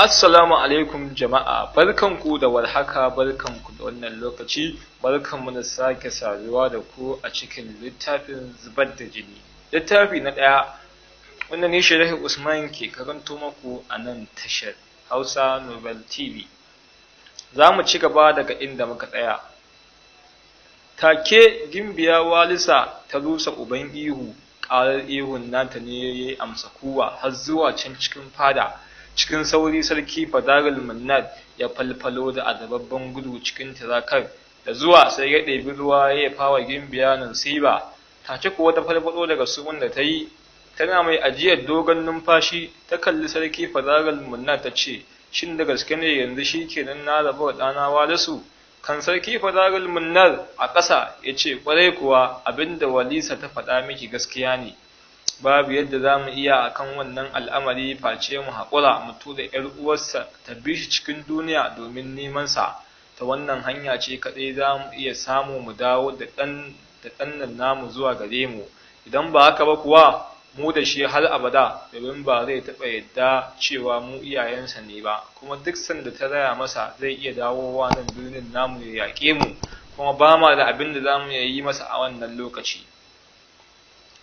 Assalamu alaikum jama'a, barkanku da warhaka barkanku da wannan lokaci, barkanmu da sake saduwa da ku a cikin littafin zubar da jini. Littafi na ɗaya, wanda ne Shari'a Usman ke karanto maku a nan tashar Hausa Novel TV. Za mu ci gaba daga inda muka tsaya. Take gimbiya walisa ta rusa uban ihu, ƙarar ihun nata ne ya yi amsa kuwa har zuwa can cikin fada. cikin sauri sarki fadagal mannad ya falfalo da azababban gudu cikin tirakar da zuwa sai ya ɗebi ruwa ya fawa Siba. Ta ce kuwa ta falfalo daga sumun da ta yi tana mai ajiyar dogon numfashi ta kalli sarki fadagal mannad ta ce shin da gaske ne yanzu shi kenan na raba da ɗana walisu kan sarki fadagal mannad a ƙasa ya ce ƙwarai kuwa abinda walisa ta faɗa miki gaskiya ne babu yadda za mu iya a kan wannan al'amari face mu haƙura mu tura ‘yar uwarsa ta bi shi cikin duniya domin nemansa ta wannan hanya ce kaɗai za mu iya samu mu dawo da ɗannan namu zuwa gare mu idan ba haka ba kuwa mu da shi har abada domin ba zai taɓa yadda cewa mu iyayensa ne ba kuma duk sanda ta raya masa zai iya dawowa nan birnin namu ya yaƙe mu kuma ba ma da abin da za mu yi masa a wannan lokaci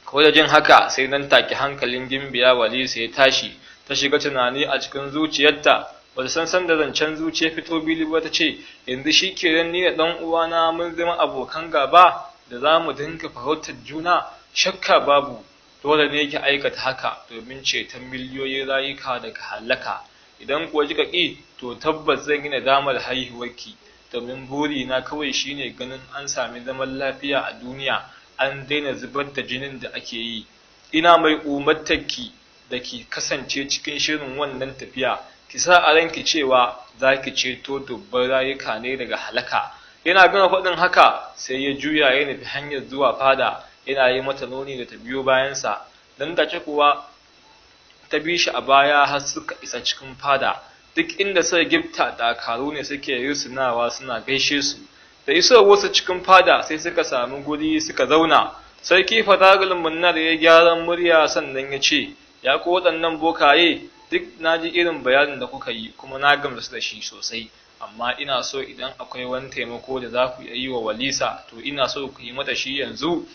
ko da jin haka sai nan take hankalin gimbiya walisa ya tashi ta shiga tunani a cikin zuciyarta wata san san da zancen zuciya fito bili ba ta ce yanzu shi ke ni da ɗan uwana mun zama abokan gaba da za mu dinka farautar juna shakka babu dole ne ki aikata haka domin ceton miliyoyin rayuka daga halaka idan kuwa kika ƙi to tabbas zan yi nadamar haihuwarki domin burina kawai shine ganin an sami zaman lafiya a duniya an daina zubar da jinin da ake yi ina mai umartarki da ki kasance cikin shirin wannan tafiya ki sa a ranki cewa za ki ceto dubban rayuka ne daga halaka yana gama faɗin haka sai ya juya ya nufi hanyar zuwa fada yana yi mata nuni da ta biyo bayansa don ce kuwa ta bi shi a baya har suka isa cikin fada duk inda suka gifta dakaru ne suke yi rusunawa suna gaishe su sai so wasu cikin fada sai suka sami guri suka zauna sarki fatarul munnar ya gyaran murya sannan ya ce ya ku waɗannan bokaye duk na ji irin bayanin da kuka yi kuma na gamsu da shi sosai amma ina so idan akwai wani taimako da za ku yi wa walisa to ina so ku yi mata shi yanzu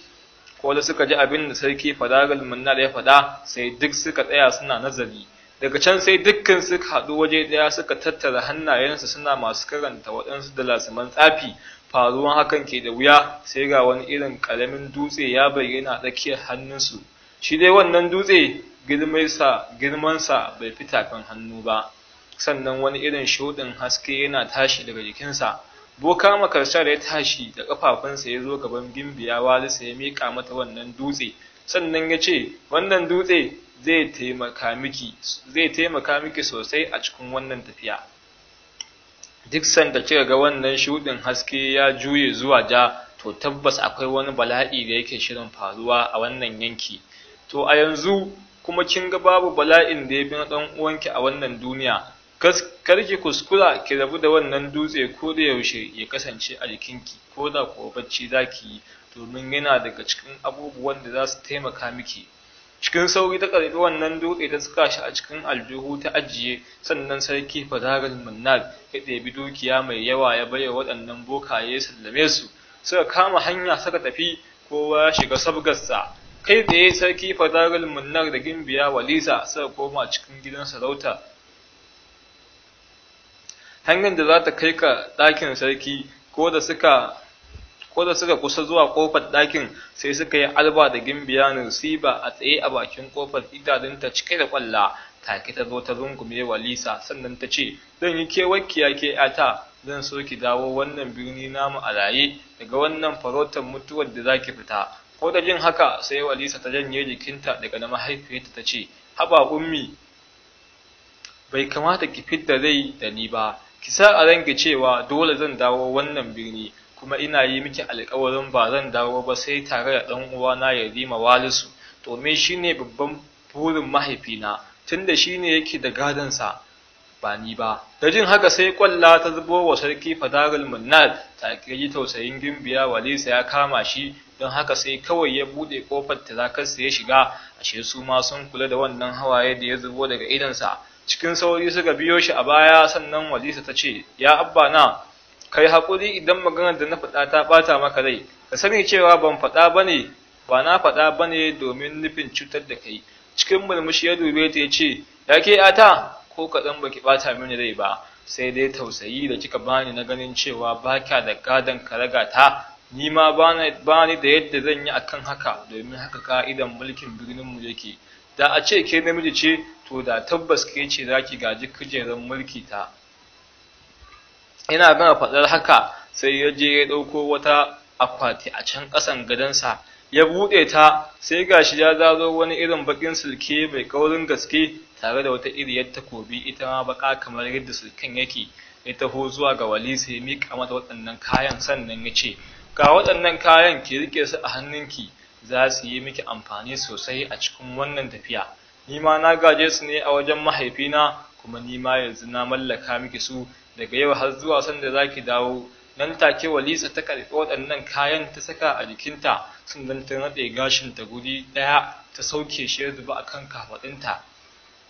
ko da suka ji abin da sarki fadagal munnar ya faɗa sai duk suka tsaya suna nazari daga can sai dukkan suka haɗu waje ɗaya suka tattara hannayensu suna masu karanta waɗansu da lasiman tsafi faruwan hakan ke da wuya sai ga wani irin ƙaramin dutse ya bayyana tsakiyar hannunsu shi dai wannan dutse girmansa bai fi tafin hannu ba sannan wani irin shuɗin haske yana tashi daga jikinsa boka makarsar ya tashi da ƙafafunsa ya zo gaban gimbiya walisa ya miƙa mata wannan dutse sannan ya ce wannan dutse zai taimaka miki sosai a cikin wannan tafiya duk sanda kika ga wannan shuɗin haske ya juye zuwa ja to tabbas akwai wani bala'i da yake shirin faruwa a wannan yanki to a yanzu kuma kin ga babu bala'in da ya bi na ɗan uwanki a wannan duniya kar ki kuskura ki rabu da wannan dutse ko da yaushe ya kasance a jikinki ko da kuwa bacci zaki yi domin yana daga cikin abubuwan da za su taimaka miki cikin sauri ta karbi wannan dutse ta suka shi a cikin aljihu ta ajiye sannan sarki fadaral munnar ya ɗebi dukiya mai yawa ya baya waɗannan bokaye sallame su suka kama hanya suka tafi kowa ya shiga sabgarsa kai tsaye sarki fadaral munnar da gimbiya walisa suka koma cikin gidan sarauta hanyar da za ta kai ka ɗakin sarki ko da suka ko da suka kusa zuwa kofar ɗakin sai suka yi alba da gimbiya nusiba a tsaye a bakin kofar idanunta cike da kwalla take ta zo ta rungume wa lisa sannan ta ce zan yi kewakiya ke ta zan so ki dawo wannan birni namu a raye daga wannan farautar mutuwar da za ki fita ko da jin haka sai walisa ta janye jikinta daga na mahaifiyarta ta ce haba ummi bai kamata ki fidda rai da ni ba ki sa a ranki cewa dole zan dawo wannan birni kuma ina yi miki alƙawarin ba zan dawo ba sai tare da ɗan uwana ya rima walisu domin shi ne babban burin mahaifina tunda shi ne yake da gadonsa ba ni ba da jin haka sai kwalla ta zubo wa sarki fadarul munnad ta kiri tausayin gimbiya walisa ya kama shi don haka sai kawai ya bude kofar tirakarsa ya shiga ashe su ma sun kula da wannan hawaye da ya zubo daga idansa cikin sauri suka biyo shi a baya sannan walisa ta ce ya abba na kai hakuri idan maganar da na faɗa ta ɓata maka rai ka sani cewa ban faɗa ba ne ba na faɗa ba ne domin nufin cutar da kai cikin murmushi ya dube ta ya ce ya ke ata ko kaɗan ba ki ɓata mini rai ba sai dai tausayi da kika bani na ganin cewa ba kya da gadon karaga ta ni ma ba ni da yadda zan yi akan haka domin haka ka'idan mulkin birnin mu yake da a ce ke namiji ce to da tabbas ke ce za ki gaji kujerar mulki ta Ina gama faɗar haka sai ya je ya ɗauko wata akwati a can ƙasan gadansa ya buɗe ta sai gashi ya zazo wani irin baƙin sulke mai ƙaurin gaske tare da wata iriyar takobi ita ma baƙa kamar yadda sulken yake ya taho zuwa ga wali sai miƙa mata waɗannan kayan sannan ya ce ga waɗannan kayan ki riƙe su a hannunki za su yi miki amfani sosai a cikin wannan tafiya ni ma na gaje su ne a wajen mahaifina kuma ni ma yanzu na mallaka miki su daga yau har zuwa sanda zaki dawo nan take walisa ta karɓi waɗannan kayan ta saka a jikinta sannan ta gashin ta guri ɗaya ta sauke shi ya zuba a kan kafaɗinta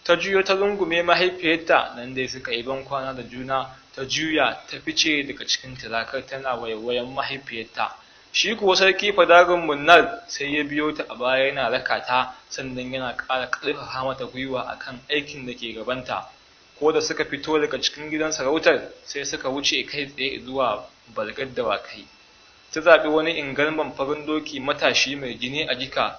ta juyo ta rungume mahaifiyarta nan dai suka yi ban kwana da juna ta juya ta fice daga cikin tirakar tana wayewayen mahaifiyarta shi kuwa sarki fadarin munnar sai ya biyo ta a baya yana raka ta sannan yana ƙara ƙarfafa mata gwiwa akan aikin da ke gabanta ko da suka fito daga cikin gidan sarautar sai suka wuce kai tsaye zuwa balgar kai. ta zaɓi wani ingarman farin doki matashi mai gini a jika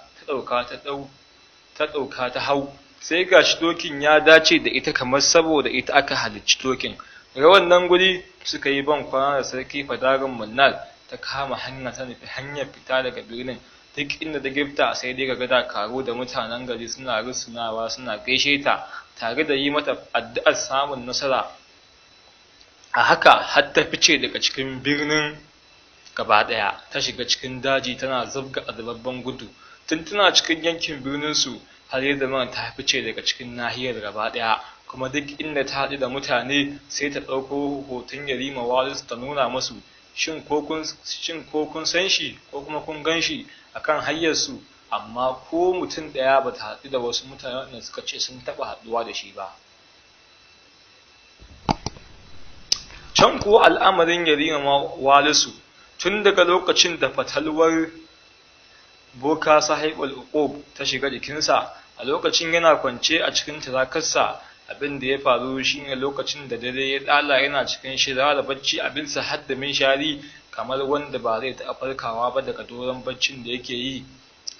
ta ɗauka ta hau sai gashi dokin ya dace da ita kamar saboda ita aka halicci dokin rawan nan guri suka yi ban kwana da sarki fadarin munnar ta kama hanyar fita daga birnin duk inda ta gifta sai dai ga gada karo da mutanen gari suna rusunawa suna gaishe ta tare da yi mata addu'ar samun nasara a haka har ta fice daga cikin birnin gaba daya ta shiga cikin daji tana zabga adababban gudu tun tana cikin yankin birninsu har yi mana ta fice daga cikin nahiyar gaba daya kuma duk inda ta haɗu da mutane sai ta ɗauko hoton yarima walis ta nuna masu shin ko kun san shi ko kuma kun gan shi akan su amma ko mutum ɗaya ba ta haɗu da wasu mutane waɗanda suka ce sun taɓa haɗuwa da shi ba can ko al'amarin yarima walisu tun daga lokacin da fatalwar boka sahibul uqub ta shiga jikinsa a lokacin yana kwance a cikin tarakarsa abin da ya faru shine lokacin da dare ya dala yana cikin shira da bacci abinsa har da shari kamar wanda ba zai taɓa farkawa ba daga doron baccin da yake yi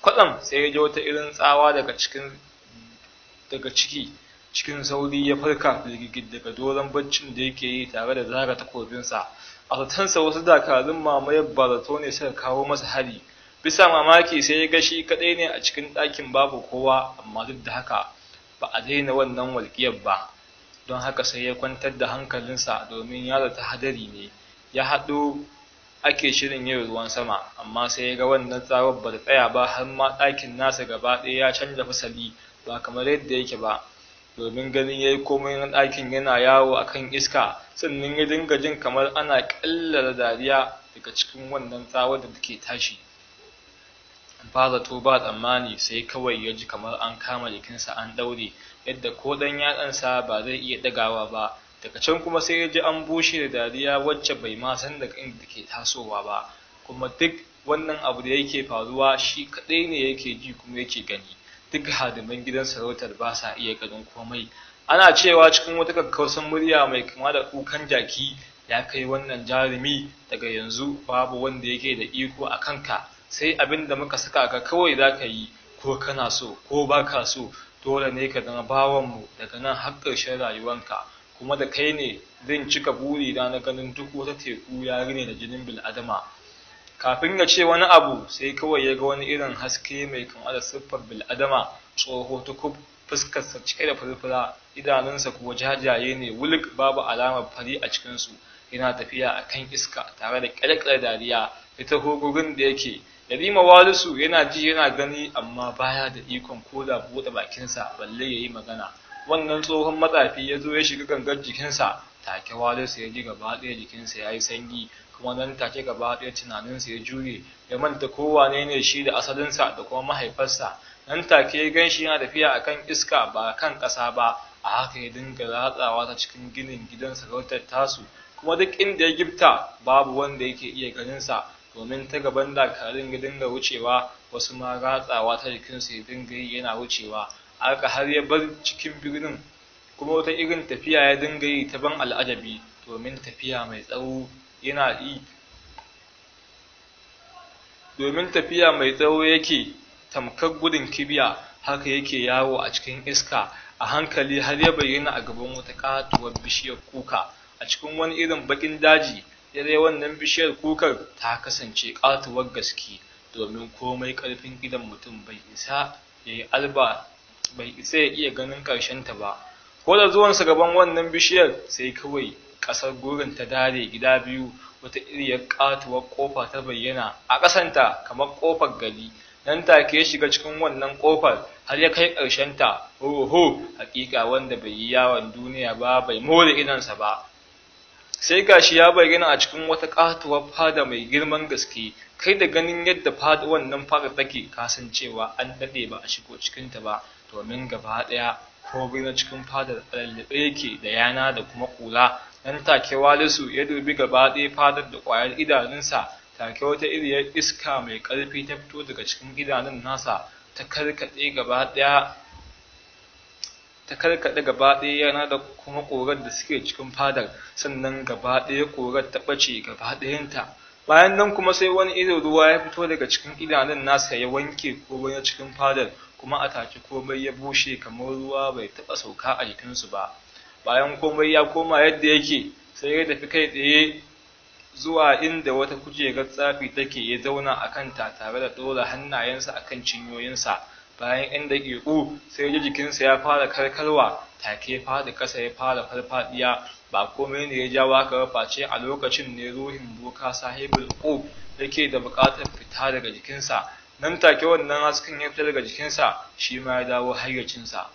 kwatsam sai ya ji wata irin tsawa daga cikin daga ciki cikin sauri ya farka firgigid daga doron baccin da yake yi tare da zara takobinsa a zatansa wasu dakarun mamayar barato ne suka kawo masa hari bisa mamaki sai ya gashi kaɗai ne a cikin ɗakin babu kowa amma duk da haka ba a daina wannan walƙiyar ba don haka sai ya kwantar da hankalinsa domin ya zata hadari ne ya haɗo ake shirin yin ruwan sama amma sai ya ga wannan tsawon ba tsaya ba har ma ɗakin nasa gaba ɗaya ya canza fasali ba kamar yadda yake ba domin ganin ya yi komai na ɗakin yana yawo a kan iska sannan ya dinga jin kamar ana ƙallara dariya daga cikin wannan tsawon da take tashi ba zato ba tsammani sai kawai ya ji kamar an kama jikinsa an ɗaure yadda ko ɗan yatsansa ba zai iya ɗagawa ba daga can kuma sai ya ji an bushe da dariya wacce bai ma san daga inda ke tasowa ba kuma duk wannan abu da yake faruwa shi kadai ne yake ji kuma yake gani duk hadiman gidan sarautar ba sa iya ganin komai ana cewa cikin wata kakkausan murya mai kama da kukan jaki ya kai wannan jarumi daga yanzu babu wanda yake da iko a kanka sai abin da muka saka ka kawai za ka yi ko kana so ko ba ka so dole ne ka zama bawanmu daga nan har ƙarshen rayuwanka kuma da kai ne zan cika buri na na ganin duk wata teku ya rine da jinin bil'adama kafin ya ce wani abu sai kawai ya ga wani irin haske mai kama da siffar bil'adama tsoho tukub fuskarsa cike da furfura idanunsa kuwa jajaye ne wulik babu alamar fari a cikinsu yana tafiya a kan iska tare da ƙyalƙyar dariya ita taho da yake yarima walisu yana ji yana gani amma baya da ikon koda buɗe bakinsa balle ya yi magana wannan tsohon matsafi ya zo ya shiga gangar jikinsa take walarsa ya ji gaba ɗaya jikinsa ya yi sanyi kuma nan take gaba ɗaya tunaninsa ya jure ya manta kowane ne shi da asalinsa da kuma mahaifarsa nan take ya gan shi yana tafiya a kan iska ba kan ƙasa ba a haka ya dinga ratsawa ta cikin ginin gidan sarautar tasu kuma duk inda ya gifta babu wanda yake iya ganinsa domin ta gaban dakarun ya dinga wucewa wasu ma ratsawa ta jikinsu ya dinga yi yana wucewa aka har ya bar cikin birnin kuma wata irin tafiya ya dinga yi ta ban al'ajabi domin tafiya mai tsawo yana yi domin tafiya mai tsawo yake tamkar gudun kibiya haka yake yawo a cikin iska a hankali har ya bayyana a gaban wata katuwar bishiyar kuka a cikin wani irin bakin daji dai wannan bishiyar kukar ta kasance katuwar gaske domin komai karfin gidan mutum bai isa ya yi alba bai isa ya iya ganin ƙarshen ta ba ko da zuwansa gaban wannan bishiyar sai kawai ƙasar gurin ta dare gida biyu wata iriyar katuwar ƙofa ta bayyana a ƙasanta kamar ƙofar gari nan take ya shiga cikin wannan ƙofar har ya kai ƙarshen ta ho haƙiƙa wanda bai yi yawon duniya ba bai more idansa ba sai gashi ya bayyana a cikin wata katuwar fada mai girman gaske kai da ganin yadda fada wannan fada take kasancewa an dade ba a shigo cikinta ba domin gaba daya komai na cikin fadar lallaɓe yake da yana da kuma kula nan take walisu ya dubi gaba daya fadar da kwayar idanunsa take wata iriyar iska mai ƙarfi ta fito daga cikin idanun nasa ta karkaɗe gaba daya yana da kuma ƙorar da suke cikin fadar sannan gaba daya ƙorar ta ɓace gaba dayanta bayan nan kuma sai wani irin ruwa ya fito daga cikin idanun nasa ya wanke ko wani cikin fadar kuma a tace komai ya bushe kamar ruwa bai taɓa sauka a jikinsu ba bayan komai ya koma yadda yake sai ya tafi kai tsaye zuwa inda wata kujerar tsafi take ya zauna a kanta tare da ɗora hannayensa a kan cinyoyinsa bayan ‘yan daƙiƙu sai ya jikinsa ya fara karkarwa take fada ƙasa ya fara farfaɗiya ba komai ne ya jawo haka ba face a lokacin ne ruhin boka sahibul ƙub yake da buƙatar fita daga jikinsa nan take wannan hasken ya fita daga jikinsa shi ma ya dawo hayyacinsa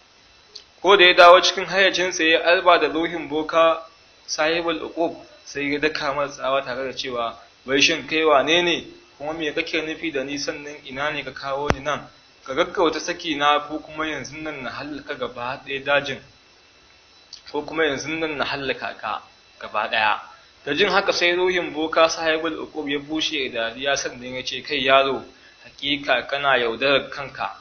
ko da ya dawo cikin hayyacinsa ya alba da ruhin boka sahibul uqub sai ya daka masa tsawa tare da cewa wai shin kai wane ne kuma me kake nufi da ni sannan ina ne ka kawo ni nan ka gaggauta saki na ko kuma yanzu nan na halaka gaba ɗaya dajin ko kuma yanzu nan na halaka ka gaba ɗaya da jin haka sai ruhin boka sahibul uqub ya bushe da dariya sannan ya ce kai yaro hakika kana yaudarar kanka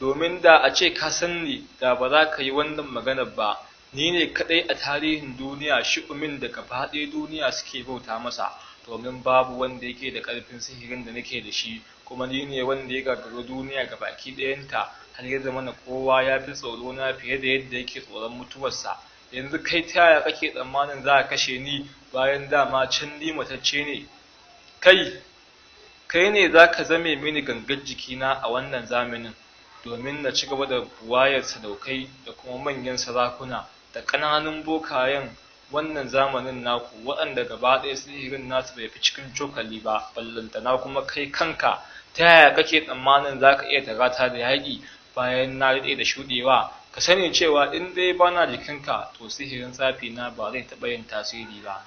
domin da a ce ka san ni da ba za ka yi wannan maganar ba ni ne kadai a tarihin duniya shi'umin da ka faɗe duniya suke bauta masa domin babu wanda yake da ƙarfin sihirin da nake da shi kuma ni ne wanda ya gagaru duniya ga baki ɗayanta har ya zama na kowa ya fi tsoro na fiye da yadda yake tsoron mutuwarsa yanzu kai ta yaya kake tsammanin za a kashe ni bayan dama can ni matacce ne kai kai ne za ka zame mini gangar jikina a wannan zamanin domin na ci gaba da buwayar sadaukai da kuma manyan sarakuna da ƙananan bokayen wannan zamanin naku waɗanda gaba ɗaya sihirin nasu bai fi cikin cokali ba ballanta na kuma kai kanka ta yaya kake tsammanin za ka iya tarata da yaƙi bayan na daɗe da shuɗewa ka sani cewa in dai bana jikinka to sihirin tsafi na ba zai taɓa yin tasiri ba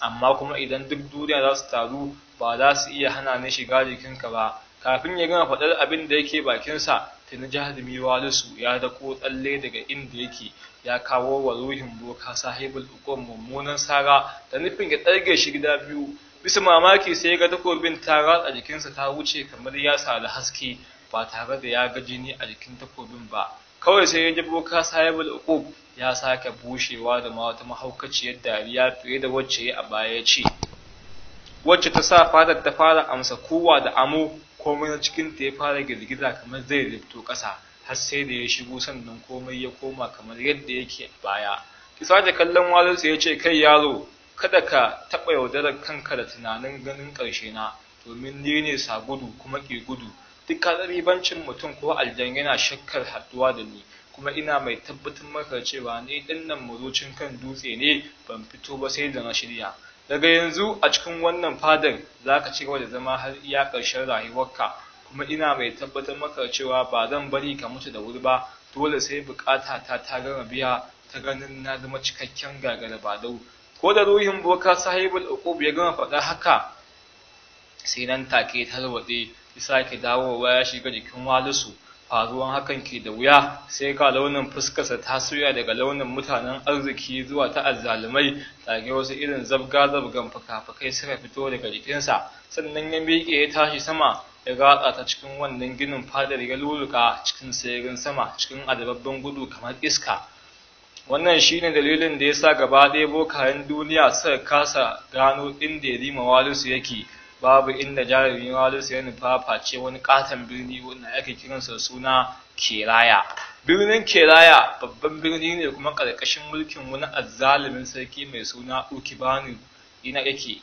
amma kuma idan duk duniya za su taru ba za su iya hana ni shiga jikinka ba kafin ya gama faɗar abin da yake bakinsa tuni jahadumi walisu ya dako tsalle daga inda yake ya kawo wa ruhin boka sahibul ukon mummunan sara da nufin ya tsarge shi gida biyu bisa mamaki sai ga takobin ta ratsa jikinsa ta wuce kamar ya da haske ba tare da ya ga jini a jikin takobin ba kawai sai ya ji boka sahibul ukon ya sake bushewa da ma wata mahaukaciyar dariya fiye da wacce ya a baya ya ce wacce ta sa fadar ta fara amsa kowa da amo komai na cikin ta ya fara girgiza kamar zai rifto ƙasa har sai da ya shigo sannan komai ya koma kamar yadda yake a baya kisa da kallon walinsa ya ce kai yaro kada ka taɓa yaudarar kanka da tunanin ganin ƙarshe na domin ni ne sa gudu kuma ke gudu duk ka mutum ko aljan yana shakkar haɗuwa da ni kuma ina mai tabbatar maka cewa ni dinnan muzucin kan dutse ne ban fito ba sai da na shirya daga yanzu a cikin wannan fadar za ka ci gaba da zama har iya ƙarshen rayuwarka kuma ina mai tabbatar maka cewa ba zan bari ka mutu da wuri ba dole sai bukata ta ta gama biya ta ganin na zama cikakken dau ko da ruhin boka sahibul uqub ya gama faɗa haka sai nan take tarwatse ya sake wa ya shiga jikin walisu faruwan hakan ke da wuya sai ga launin fuskarsa ta suya daga launin mutanen arziki zuwa ta azzalumai tage wasu irin zabga zabgan fuka suka fito daga jikinsa sannan ya miƙe ya tashi sama ya ratsa ta cikin wannan ginin fadar ya luluka cikin sayarin sama cikin adababben gudu kamar iska wannan shine dalilin da ya sa gaba ɗaya bokayen duniya suka kasa gano inda ya rima walisu yake babu inda jarumi sai ya nufa face wani katon birni wanda ake kiransa suna Keraya. Birnin Keraya babban birni ne kuma karkashin mulkin wani azzalumin sarki mai suna Ukibanu ina yake.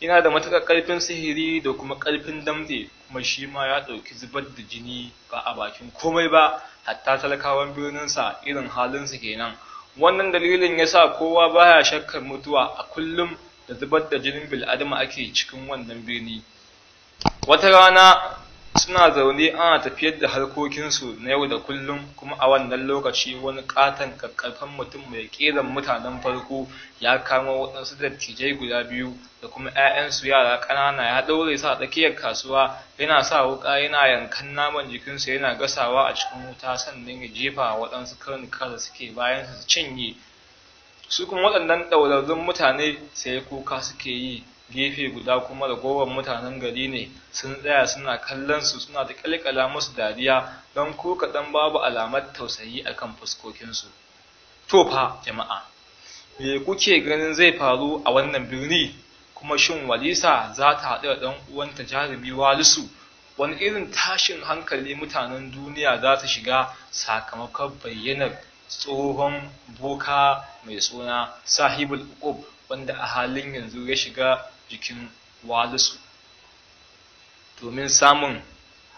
Ina da matuƙar ƙarfin sihiri da kuma ƙarfin damde kuma shi ma ya ɗauki zubar da jini ba a bakin komai ba hatta talakawan birninsa irin halinsa kenan. Wannan dalilin yasa kowa baya shakkar mutuwa a kullum da zubar da jinin bil'adama ake cikin wannan birni wata rana suna zaune ana tafiyar da harkokinsu na yau da kullum kuma a wannan lokaci wani katon karkarfan mutum mai ƙeran mutanen farko ya kama waɗansu dattijai guda biyu da kuma 'ya'yansu yara ƙanana ya ɗaure su a tsakiyar kasuwa yana sa wuƙa yana yankan naman jikinsu yana gasawa a cikin wuta sannan ya jefa waɗansu karnuka da suke bayan su cinye su kuma waɗannan ɗaurarrun mutane sai kuka suke yi gefe guda kuma ragowar mutanen gari ne sun tsaya suna kallon su suna da kalkala musu dariya don ko kaɗan babu alamar tausayi a kan fuskokinsu to fa jama'a me kuke ganin zai faru a wannan birni kuma shin walisa za ta haɗu da ɗan uwanta jarumi walisu wani irin tashin hankali mutanen duniya za ta shiga sakamakon bayyanar tsohon boka mai suna sahibul uqub wanda a halin yanzu ya shiga jikin walisu domin samun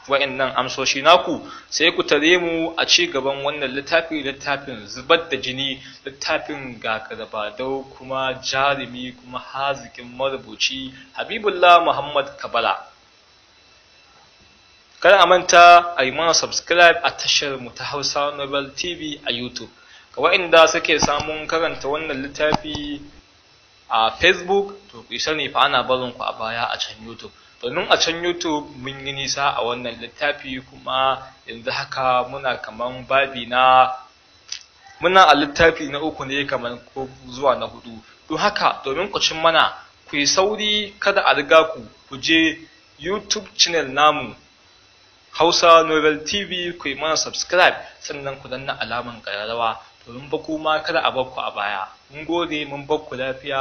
wa'annan amsoshi naku sai ku tare mu a ci gaban wannan littafin littafin zubar da jini littafin gagarbadau kuma jarumi kuma hazikin marubuci habibullah muhammad kabala kar a manta a yi mana subscribe a tashar mu ta hausa nobel tv a youtube ga waɗanda suke samun karanta wannan littafi a facebook to ku sani fa ana barin ku a baya a can youtube domin a can youtube mun yi nisa a wannan littafi kuma yanzu haka muna kaman babi na muna a littafi na uku ne kaman ko zuwa na hudu don haka domin ku cin mana ku yi sauri kada a riga ku ku je youtube channel namu hausa novel tv ku yi mana subscribe sannan ku danna alaman ƙararrawa domin ba kuma kada a bakku a baya mun gode mun bakku lafiya